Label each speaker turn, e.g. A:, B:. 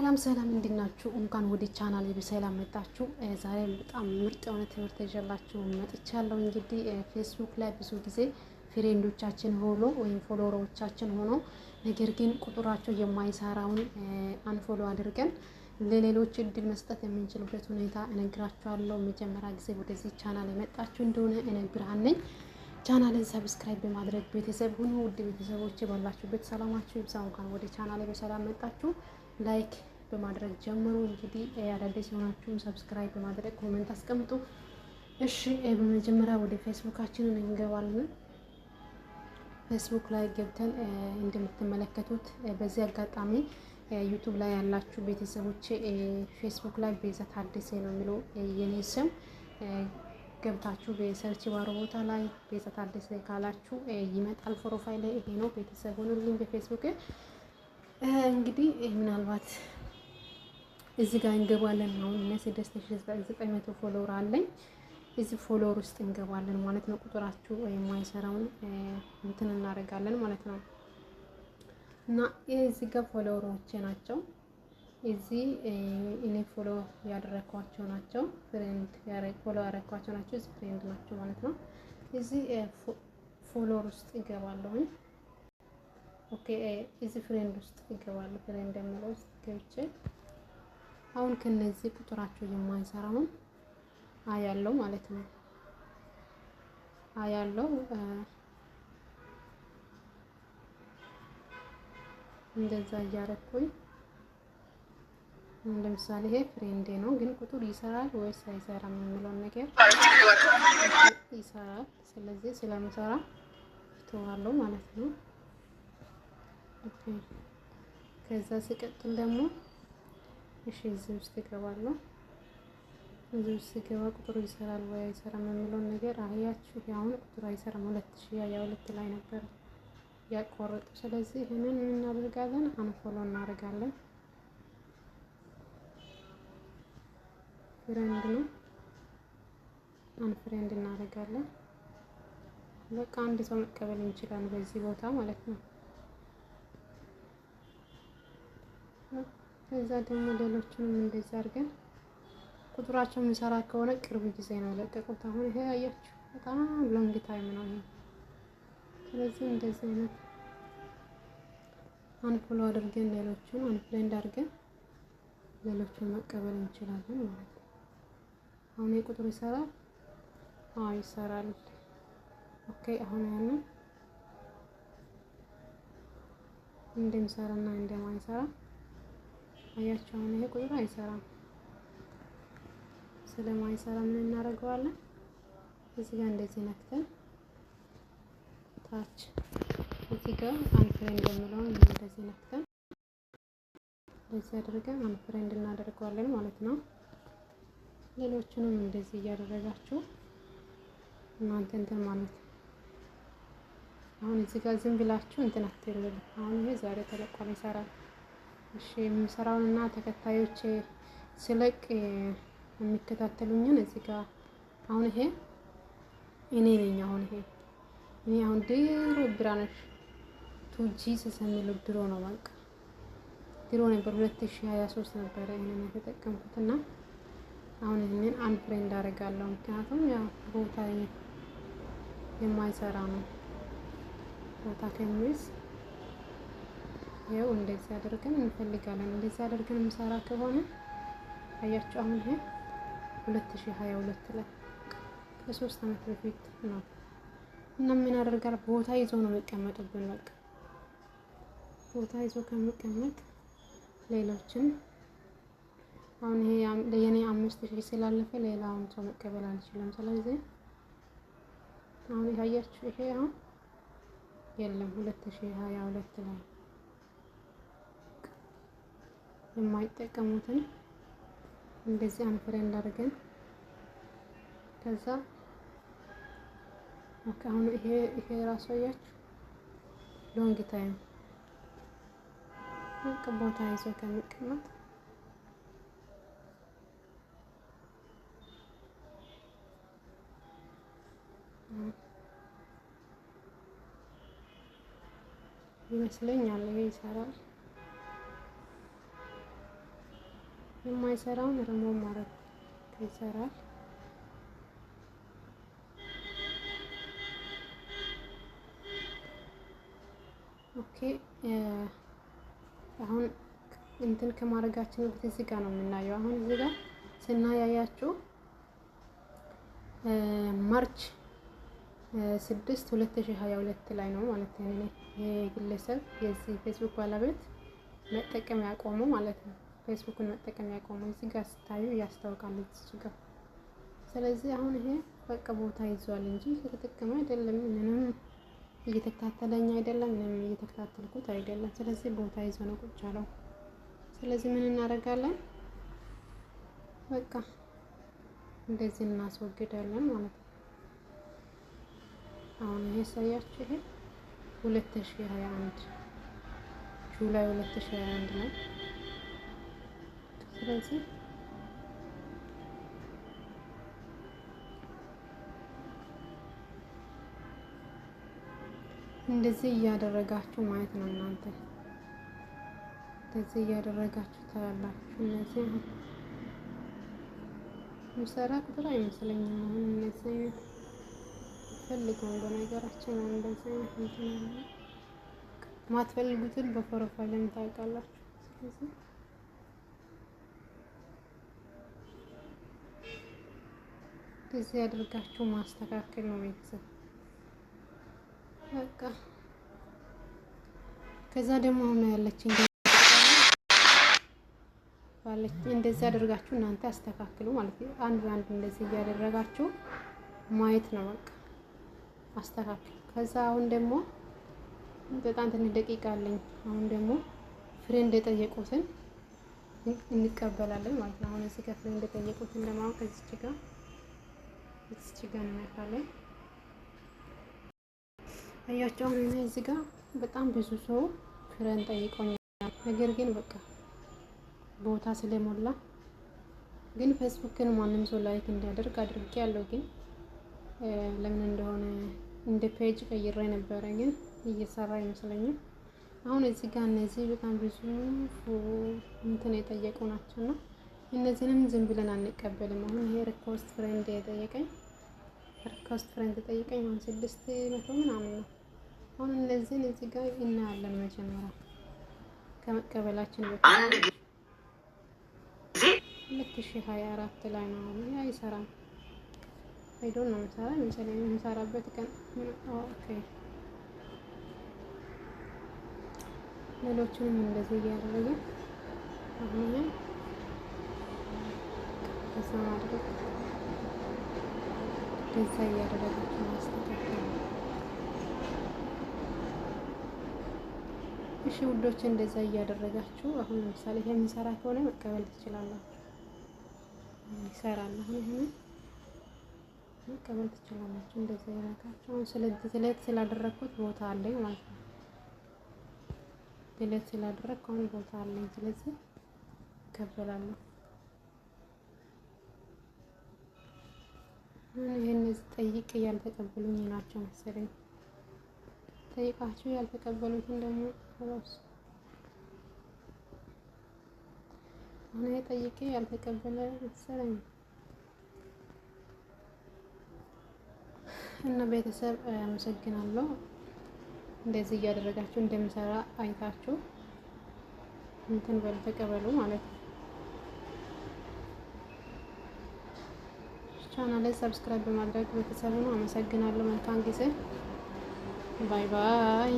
A: ሰላም ሰላም እንዲናችሁ እንኳን ወደ ቻናል በሰላም መጣችሁ። ዛሬ በጣም ምርጥ የሆነ ትምህርት ይዤላችሁ መጥቻለሁ። እንግዲህ ፌስቡክ ላይ ብዙ ጊዜ ፍሬንዶቻችን ሆኖ ወይም ፎሎወሮቻችን ሆኖ ነገር ግን ቁጥራቸው የማይሰራውን አንፎሎ አድርገን ለሌሎች እድል መስጠት የምንችልበት ሁኔታ እነግራችኋለሁ። መጀመሪያ ጊዜ ወደዚህ ቻናል የመጣችሁ እንደሆነ እኔ ነኝ። ቻናልን ሰብስክራይብ በማድረግ ቤተሰብ ሁኑ። ውድ ቤተሰቦች ባላችሁበት ሰላማችሁ ይብዛ። እንኳን ወደ ቻናል በሰላም መጣችሁ። ላይክ በማድረግ ጀምሮ እንግዲህ አዳዲስ የሆናችሁም ሰብስክራይብ በማድረግ ኮሜንት አስቀምጡ። እሺ በመጀመሪያ ወደ ፌስቡካችንን እንገባለን። ፌስቡክ ላይ ገብተን እንደምትመለከቱት በዚህ አጋጣሚ ዩቱብ ላይ ያላችሁ ቤተሰቦች ፌስቡክ ላይ ቤዛ ታደሰ ነው የሚለው የኔ ስም ገብታችሁ በሰርች ባሮ ቦታ ላይ ቤዛ ታደሰ ካላችሁ ይመጣል። ፕሮፋይል ይሄ ነው። ቤተሰብ ሆኑልኝ በፌስቡክ እንግዲህ ምናልባት እዚህ ጋር እንገባለን። ነው እነ ስድስት ሺ ዘጠኝ መቶ ፎሎወር አለኝ። እዚህ ፎሎወር ውስጥ እንገባለን ማለት ነው። ቁጥራችሁ የማይሰራውን እንትን እናደርጋለን ማለት ነው። እና እዚህ ጋር ፎሎወሮቼ ናቸው። እዚህ እኔ ፎሎ ያደረኳቸው ናቸው። ፍሬንድ ፎሎ ያደረኳቸው ናቸው። እዚህ ፍሬንድ ናቸው ማለት ነው። እዚህ ፎሎወር ውስጥ ይገባለሁኝ። እዚህ ፍሬንድ ውስጥ ይገባሉ። ፍሬንድ የምለው ውስጥ ገብቼ አሁን ከነዚህ ቁጥራቸው የማይሰራውን አያለው ማለት ነው። አያለው እንደዛ እያረኩኝ ለምሳሌ ይሄ ፍሬንዴ ነው፣ ግን ቁጥር ይሰራል ወይስ አይሰራም የሚለውን ነገር ይሰራል። ስለዚህ ስለምሰራ ትተዋለሁ ማለት ነው። ከዛ ሲቀጥል ደግሞ እሺ እዚህ ውስጥ እገባለሁ። እዚህ ውስጥ ስገባ ቁጥሩ ይሰራል ወይ አይሰራም የሚለውን ነገር አያችሁ። አሁን ቁጥሩ አይሰራም። ሁለት ሺ ያ ሁለት ላይ ነበር ያቆረጡ። ስለዚህ ይህንን እናደርጋለን፣ አንፎሎ እናደርጋለን። ፍሬንድ ነው አንፍሬንድ እናደርጋለን። በቃ አንድ ሰው መቀበል እንችላለን በዚህ ቦታ ማለት ነው። ከዛ ደግሞ ሌሎችንም እንደዛ አድርገን ቁጥራቸው የምንሰራ ከሆነ ቅርብ ጊዜ ነው ለቀቁት። አሁን ይሄ አያችሁ በጣም ሎንግ ታይም ነው ይሄ። ስለዚህ እንደዚህ አይነት አንድ አድርገን ሌሎችን አንድ አድርገን መቀበል እንችላለን ማለት ነው። አሁን የቁጥር ይሰራል። አዎ ይሰራል። ኦኬ አሁን ያን እንደሚሰራና እንደማይሰራ አያችሁ አሁን ይሄ ቁጥር አይሰራም። ስለማይሰራ ምን እናደርገዋለን? እዚህ ጋር እንደዚህ ነክተን ታች እዚህ ጋር አንፍሬንድ የምለውን እንደዚህ ነክተን እንደዚህ አድርገን አንፍሬንድ እናደርገዋለን ማለት ነው። ሌሎቹንም እንደዚህ እያደረጋችሁ እናንተ እንትን ማለት አሁን እዚህ ጋር ዝም ብላችሁ እንትን አትይሉ። አሁን ይሄ ዛሬ ተለቋል ይሰራል። እሺ የምሰራውን እና ተከታዮች ስለቅ የሚከታተሉኝን እዚህ ጋር አሁን ይሄ እኔ ነኝ። አሁን ይሄ እኔ አሁን ድሮ ብራነሽ ቱጂ ስሰምለው ድሮ ነው በቃ ድሮ ነበር። 2023 ነበረ ይሄንን የተጠቀምኩት እና አሁን ይሄንን አንድ ፍሬ እንዳደርጋለሁ። ምክንያቱም ያው ቦታ የማይሰራ ነው ቦታ ከሚይዝ ይኸው እንደዚህ አድርገን እንፈልጋለን። እንደዚህ አድርገን ምሰራ ከሆነ አያችሁ አሁን ይሄ 2022 ላይ ከሶስት አመት በፊት ነው እና ምን ያደርጋል ቦታ ይዞ ነው የሚቀመጥብን። በቃ ቦታ ይዞ ከሚቀመጥ ሌሎችን አሁን ይሄ ለየኔ አምስት ሺህ ስላለፈ ሌላውን ሰው መቀበል አልችልም። ስለዚህ አሁን አያችሁ፣ ይሄ አሁን የለም 2022 ላይ የማይጠቀሙትን እንደዚህ አንፍሬ እንዳርገን ከዛ አሁን ይሄ ይሄ ራሱ አያችሁ ሎንግ ታይም በቃ ቦታ ይዞ ከሚቀመጥ ይመስለኛል ይሄ ይሰራል። የማይሰራውን ርሞ ማድረግ ይሰራል። ኦኬ አሁን እንትን ከማድረጋችን በፊት እዚህ ጋር ነው የምናየው። አሁን እዚህ ጋር ስናያያችሁ ማርች ስድስት ሁለት ሺህ ሀያ ሁለት ላይ ነው ማለት ነው ይሄ ግለሰብ የዚህ ፌስቡክ ባለቤት መጠቀም ያቆመው ማለት ነው። ፌስቡክን መጠቀም ያቆሙ እዚህ ጋር ስታዩ ያስታውቃል እዚህ ጋር። ስለዚህ አሁን ይሄ በቃ ቦታ ይዟል እንጂ የተጠቀመ አይደለም። ምንም እየተከታተለኝ አይደለም፣ ምንም እየተከታተልኩት አይደለም። ስለዚህ ቦታ ይዞ ነው ቁጭ አለው። ስለዚህ ምን እናደርጋለን? በቃ እንደዚህ እናስወግዳለን ማለት ነው። አሁን ይሄ ሳያችሁ ይሄ 2021 ጁላይ 2021 ነው። ስለዚህ እንደዚህ እያደረጋችሁ ማየት ነው። እናንተ እንደዚህ እያደረጋችሁ ትላላችሁ። እነዚህ ምሰራ ቁጥር አይመስለኝም። አሁን እነዚህ አይነት ፈልገው በነገራችን አሁን እንደዚህ አይነት እንትን ማትፈልጉትን በፕሮፋይልም ታውቃላችሁ። ስለዚህ እዚህ አድርጋችሁ ማስተካከል ነው ቤተሰብ። በቃ ከዛ ደግሞ አሁን ያለችኝ እንደዚህ አድርጋችሁ እናንተ አስተካክሉ ማለት ነው። አንድ አንድ እንደዚህ እያደረጋችሁ ማየት ነው በቃ አስተካክሉ። ከዛ አሁን ደግሞ በጣም ትንሽ ደቂቃ አለኝ። አሁን ደግሞ ፍሬ እንደጠየቁትን እንቀበላለን ማለት ነው። አሁን እዚህ ከፍሬ እንደጠየቁትን ለማወቅ እዚች ጋር እዚች ጋር እንነካለን። አያቸው አሁን እዚህ ጋር በጣም ብዙ ሰው ክረን ጠይቆኛል። ነገር ግን በቃ ቦታ ስለሞላ ግን ፌስቡክን ማንም ሰው ላይክ እንዲያደርግ አድርጌ ያለው ግን ለምን እንደሆነ እንደ ፔጅ ቀይሬ ነበረ፣ ግን እየሰራ ይመስለኛል። አሁን እዚህ ጋር እነዚህ በጣም ብዙ እንትን የጠየቁ ናቸው ነው እነዚህንም ዝም ብለን አንቀበልም። አሁን ይሄ ሪኮስት ፍሬንድ የጠየቀኝ ሪኮስት ፍሬንድ የጠየቀኝ አሁን ስድስት መቶ ምናምን ነው። አሁን እነዚህን እዚህ ጋር እናያለን መጀመሪያ ከመቀበላችን በፊት ሁለት ሺህ ሀያ አራት ላይ ነው አሁን አይሰራም። አይዶ ነው ምሰራ ምሳሌ የምሰራበት ቀን ኦኬ። ሌሎችንም እንደዚህ እያደረግን አሁን እንደዛ ማድረግ እንደዛ እያደረጋችሁ ማስተካከል። እሺ ውዶች፣ እንደዛ እያደረጋችሁ አሁን ለምሳሌ ይሄ የምንሰራ ከሆነ መቀበል ትችላላችሁ። ይሰራል አሁን ይሄን መቀበል ትችላላችሁ። እንደዛ ያደረጋችሁ አሁን ስለዚህ ስላደረግኩት ቦታ አለኝ ማለት ነው። ስላደረግኩ አሁን ቦታ አለኝ። ስለዚህ ይህን ጠይቅ እያልተቀበሉኝ ናቸው መሰለኝ። ጠይቃቸው ያልተቀበሉትን ደግሞ ራሱ አሁን ጠይቄ ያልተቀበለ መሰለኝ እና ቤተሰብ አመሰግናለሁ። እንደዚህ እያደረጋችሁ እንደምሰራ አይታችሁ እንትን በል ተቀበሉ ማለት ነው። ቻናሌን ሰብስክራይብ በማድረግ ቤተሰብ ነው። አመሰግናለሁ። መልካም ጊዜ። ባይ ባይ።